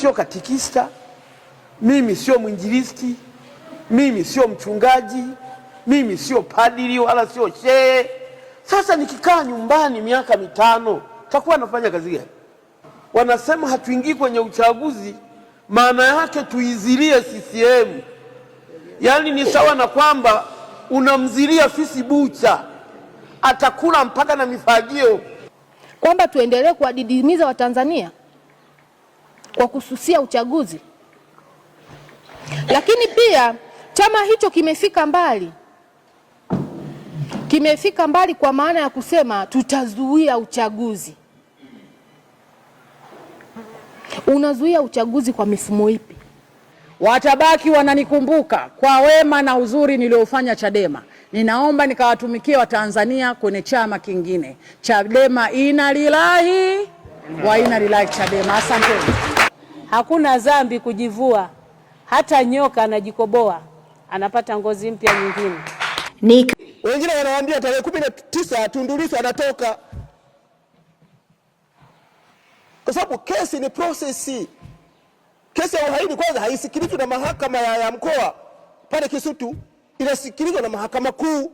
Sio katikista, mimi sio mwinjilisti, mimi sio mchungaji, mimi sio padiri wala sio shehe. Sasa nikikaa nyumbani miaka mitano takuwa nafanya kazi gani? Wanasema hatuingii kwenye uchaguzi, maana yake tuizilie CCM. Yaani ni sawa na kwamba unamzilia fisi bucha, atakula mpaka na mifagio. Kwamba tuendelee kuwadidimiza Watanzania kwa kususia uchaguzi. Lakini pia chama hicho kimefika mbali, kimefika mbali kwa maana ya kusema tutazuia uchaguzi. Unazuia uchaguzi kwa mifumo ipi? Watabaki wananikumbuka kwa wema na uzuri niliofanya Chadema. Ninaomba nikawatumikie Watanzania kwenye chama kingine. Chadema ina lilahi wa ina lilahi Chadema. Asanteni. Hakuna dhambi kujivua, hata nyoka anajikoboa anapata ngozi mpya nyingine. wengine wanawaambia tarehe kumi na tisa Tundu Lissu anatoka, kwa sababu kesi ni prosesi. Kesi ya uhaini kwanza haisikilizwi na mahakama ya, ya mkoa pale Kisutu, inasikilizwa na mahakama kuu,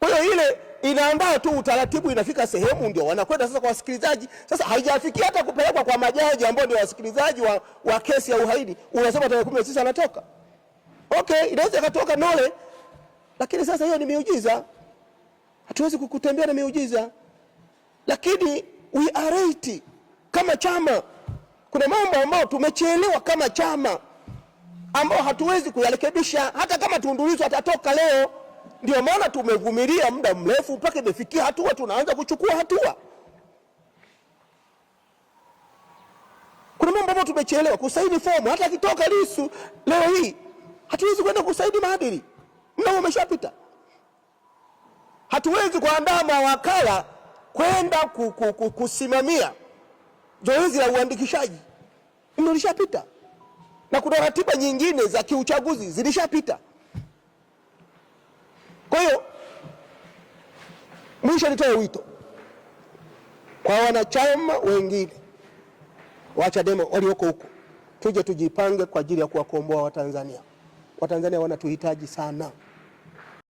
kwa hiyo ile inaambaa tu utaratibu, inafika sehemu ndio wanakwenda sasa kwa wasikilizaji. Sasa haijafikia hata kupelekwa kwa majaji ambao ndio wasikilizaji wa, wa kesi ya uhaini. Unasema tarehe kumi na tisa anatoka, okay, inaweza ikatoka Nole, lakini sasa hiyo ni miujiza. Hatuwezi kukutembea na miujiza, lakini we are right kama chama. Kuna mambo ambayo tumechelewa kama chama, ambao hatuwezi kuyarekebisha. Hata kama Tundu Lissu atatoka leo ndio maana tumevumilia muda mrefu mpaka imefikia hatua tunaanza kuchukua hatua. Kuna mambo ambayo tumechelewa kusaini fomu. Hata akitoka Lissu leo hii hatuwezi kwenda kusaini maadili, mnao umeshapita. Hatuwezi kuandaa mawakala kwenda kusimamia zoezi la uandikishaji, lishapita na kuna ratiba nyingine za kiuchaguzi zilishapita. Kwa hiyo mwisho, nitoe wito kwa wanachama wengine wa Chadema walioko huko, tuje tujipange kwa ajili ya kuwakomboa Watanzania. Watanzania wanatuhitaji sana.